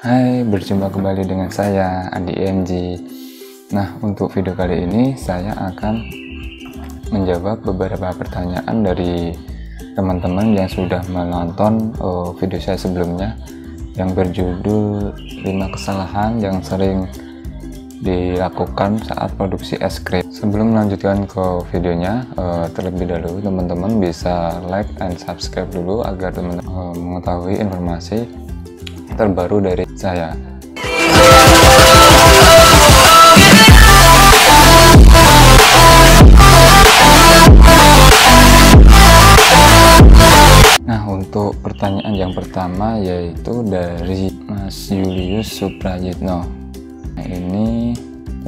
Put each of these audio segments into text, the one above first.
Hai, berjumpa kembali dengan saya Andi MG. Nah, untuk video kali ini saya akan menjawab beberapa pertanyaan dari teman-teman yang sudah menonton oh, video saya sebelumnya yang berjudul 5 kesalahan yang sering dilakukan saat produksi es krim. Sebelum melanjutkan ke videonya, eh, terlebih dahulu teman-teman bisa like and subscribe dulu agar teman-teman eh, mengetahui informasi terbaru dari saya. Nah, untuk pertanyaan yang pertama yaitu dari Mas Julius Suprajitno. Nah, ini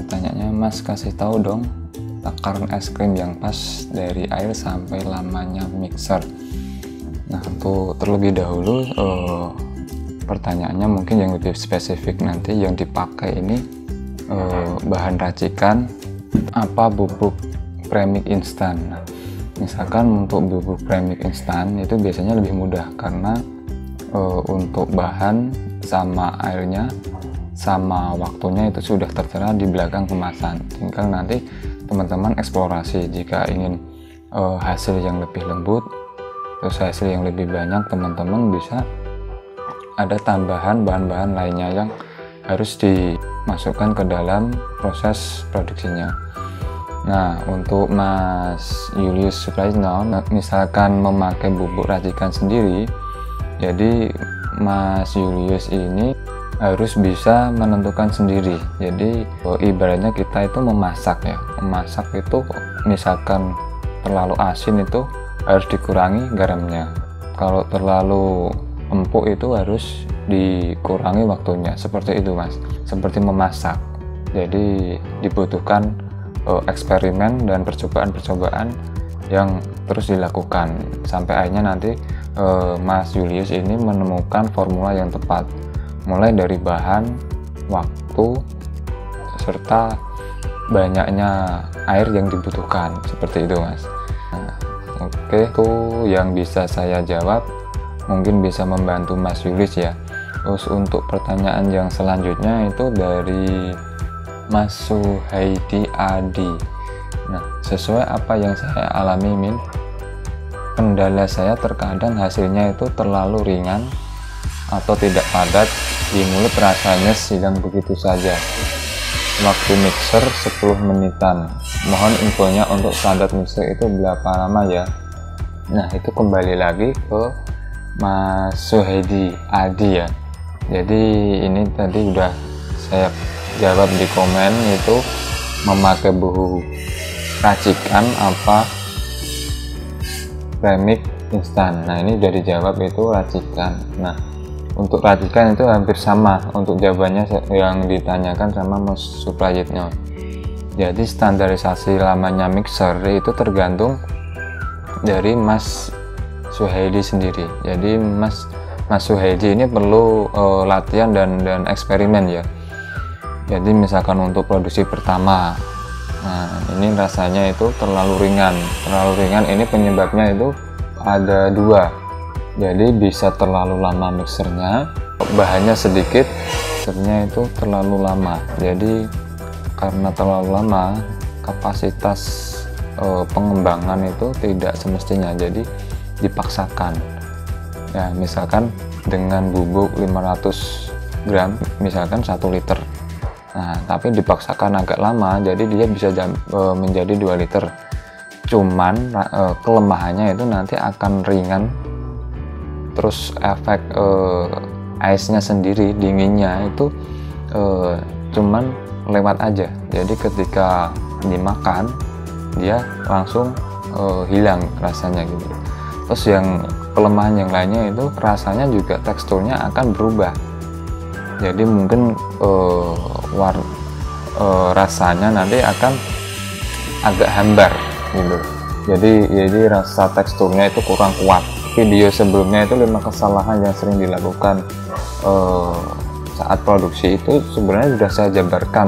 pertanyaannya Mas kasih tahu dong takaran es krim yang pas dari air sampai lamanya mixer. Nah, untuk terlebih dahulu uh, pertanyaannya mungkin yang lebih spesifik nanti yang dipakai ini eh, bahan racikan apa bubuk premix instan. Nah, misalkan untuk bubuk premix instan itu biasanya lebih mudah karena eh, untuk bahan sama airnya sama waktunya itu sudah tertera di belakang kemasan. Tinggal nanti teman-teman eksplorasi jika ingin eh, hasil yang lebih lembut terus hasil yang lebih banyak teman-teman bisa ada tambahan bahan-bahan lainnya yang harus dimasukkan ke dalam proses produksinya. Nah, untuk Mas Julius Suprajno, misalkan memakai bubuk racikan sendiri, jadi Mas Julius ini harus bisa menentukan sendiri. Jadi oh, ibaratnya kita itu memasak ya. Memasak itu misalkan terlalu asin itu harus dikurangi garamnya. Kalau terlalu empuk itu harus dikurangi waktunya seperti itu mas seperti memasak jadi dibutuhkan uh, eksperimen dan percobaan-percobaan yang terus dilakukan sampai akhirnya nanti uh, Mas Julius ini menemukan formula yang tepat mulai dari bahan, waktu, serta banyaknya air yang dibutuhkan seperti itu mas nah, oke okay. itu yang bisa saya jawab mungkin bisa membantu Mas Yulis ya terus untuk pertanyaan yang selanjutnya itu dari Mas Suhaidi Adi nah sesuai apa yang saya alami Min kendala saya terkadang hasilnya itu terlalu ringan atau tidak padat di mulut rasanya sedang begitu saja waktu mixer 10 menitan mohon infonya untuk standar mixer itu berapa lama ya nah itu kembali lagi ke Mas Suhedi Adi ya jadi ini tadi udah saya jawab di komen itu memakai buku racikan apa remix instan nah ini udah dijawab itu racikan nah untuk racikan itu hampir sama untuk jawabannya yang ditanyakan sama Mas suprayitnya. jadi standarisasi lamanya mixer itu tergantung dari Mas Suhaidi sendiri. Jadi Mas Mas Suhaidi ini perlu uh, latihan dan dan eksperimen ya. Jadi misalkan untuk produksi pertama, nah ini rasanya itu terlalu ringan. Terlalu ringan ini penyebabnya itu ada dua. Jadi bisa terlalu lama mixernya, bahannya sedikit, mixernya itu terlalu lama. Jadi karena terlalu lama kapasitas e, pengembangan itu tidak semestinya jadi dipaksakan ya misalkan dengan bubuk 500 gram misalkan 1 liter nah tapi dipaksakan agak lama jadi dia bisa jam, e, menjadi 2 liter cuman e, kelemahannya itu nanti akan ringan terus efek e, aisnya sendiri dinginnya itu e, cuman lewat aja jadi ketika dimakan dia langsung e, hilang rasanya gitu terus yang kelemahan yang lainnya itu rasanya juga teksturnya akan berubah jadi mungkin uh, war uh, rasanya nanti akan agak hambar gitu jadi jadi rasa teksturnya itu kurang kuat video sebelumnya itu lima kesalahan yang sering dilakukan uh, saat produksi itu sebenarnya sudah saya jabarkan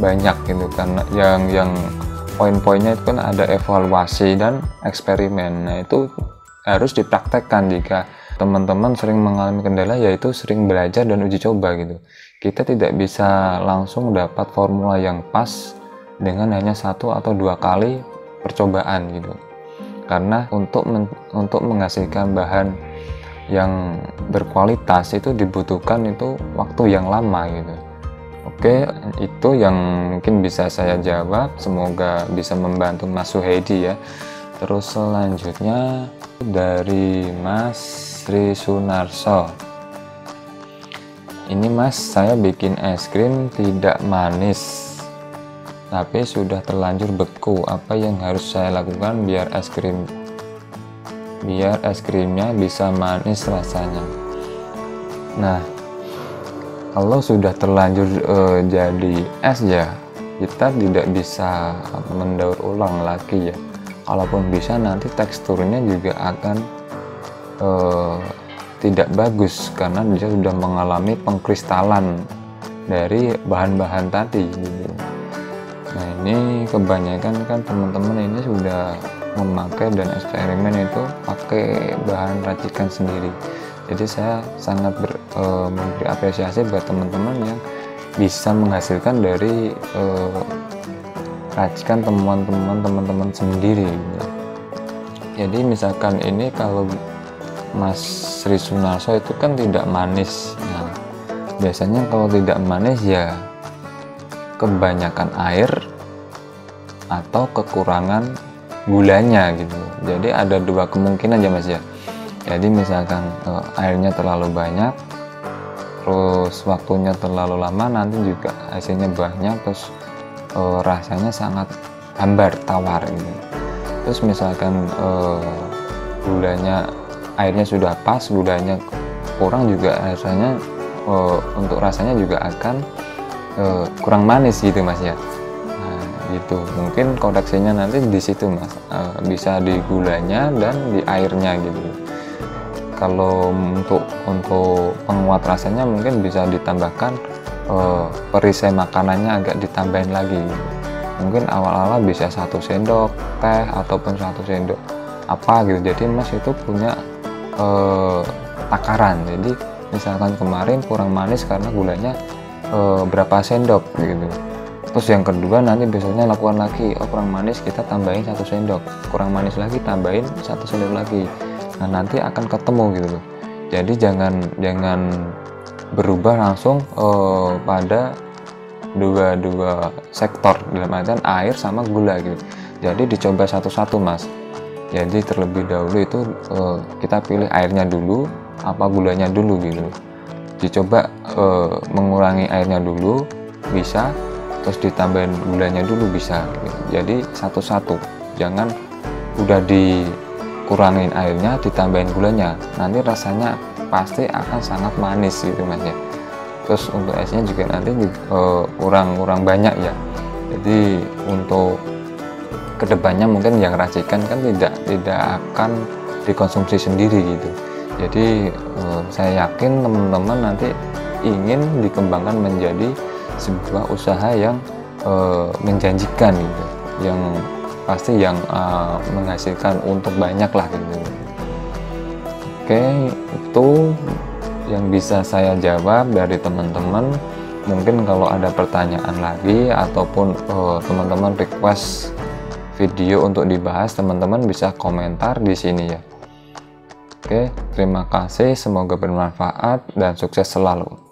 banyak gitu karena yang yang poin-poinnya itu kan ada evaluasi dan eksperimen. Nah, itu harus dipraktekkan jika teman-teman sering mengalami kendala yaitu sering belajar dan uji coba gitu. Kita tidak bisa langsung dapat formula yang pas dengan hanya satu atau dua kali percobaan gitu. Karena untuk men untuk menghasilkan bahan yang berkualitas itu dibutuhkan itu waktu yang lama gitu. Oke, itu yang mungkin bisa saya jawab. Semoga bisa membantu Mas Suhedi ya. Terus selanjutnya dari Mas Sri Sunarso. Ini Mas, saya bikin es krim tidak manis. Tapi sudah terlanjur beku. Apa yang harus saya lakukan biar es krim biar es krimnya bisa manis rasanya? Nah, kalau sudah terlanjur uh, jadi es ya kita tidak bisa mendaur ulang lagi ya walaupun bisa nanti teksturnya juga akan uh, tidak bagus karena dia sudah mengalami pengkristalan dari bahan-bahan tadi gitu. nah ini kebanyakan kan teman-teman ini sudah memakai dan eksperimen itu pakai bahan racikan sendiri jadi saya sangat ber, e, memberi apresiasi buat teman-teman yang bisa menghasilkan dari e, racikan temuan-temuan teman-teman sendiri jadi misalkan ini kalau Mas Sri Sunarso itu kan tidak manis nah, biasanya kalau tidak manis ya kebanyakan air atau kekurangan gulanya gitu jadi ada dua kemungkinan ya mas ya jadi misalkan eh, airnya terlalu banyak terus waktunya terlalu lama nanti juga hasilnya banyak terus uh, rasanya sangat hambar tawar ini gitu. terus misalkan uh, gulanya airnya sudah pas gulanya kurang juga rasanya uh, untuk rasanya juga akan uh, kurang manis gitu mas ya nah, gitu mungkin koreksinya nanti di situ mas bisa di gulanya dan di airnya gitu kalau untuk untuk penguat rasanya mungkin bisa ditambahkan eh, perisai makanannya agak ditambahin lagi mungkin awal-awal bisa satu sendok teh ataupun satu sendok apa gitu jadi mas itu punya eh, takaran jadi misalkan kemarin kurang manis karena gulanya eh, berapa sendok gitu terus yang kedua nanti biasanya lakukan lagi oh kurang manis kita tambahin satu sendok kurang manis lagi tambahin satu sendok lagi nah nanti akan ketemu gitu loh jadi jangan jangan berubah langsung uh, pada dua-dua sektor dalam artian air sama gula gitu jadi dicoba satu-satu mas jadi terlebih dahulu itu uh, kita pilih airnya dulu apa gulanya dulu gitu dicoba uh, mengurangi airnya dulu bisa terus ditambahin gulanya dulu bisa gitu. jadi satu-satu jangan udah di kurangin airnya ditambahin gulanya nanti rasanya pasti akan sangat manis gitu mas ya terus untuk esnya juga nanti eh, kurang-kurang uh, banyak ya jadi untuk kedepannya mungkin yang racikan kan tidak tidak akan dikonsumsi sendiri gitu jadi uh, saya yakin teman-teman nanti ingin dikembangkan menjadi sebuah usaha yang uh, menjanjikan gitu yang pasti yang uh, menghasilkan untuk banyak lah gitu oke itu yang bisa saya jawab dari teman-teman mungkin kalau ada pertanyaan lagi ataupun eh, teman-teman uh, request video untuk dibahas teman-teman bisa komentar di sini ya Oke, terima kasih. Semoga bermanfaat dan sukses selalu.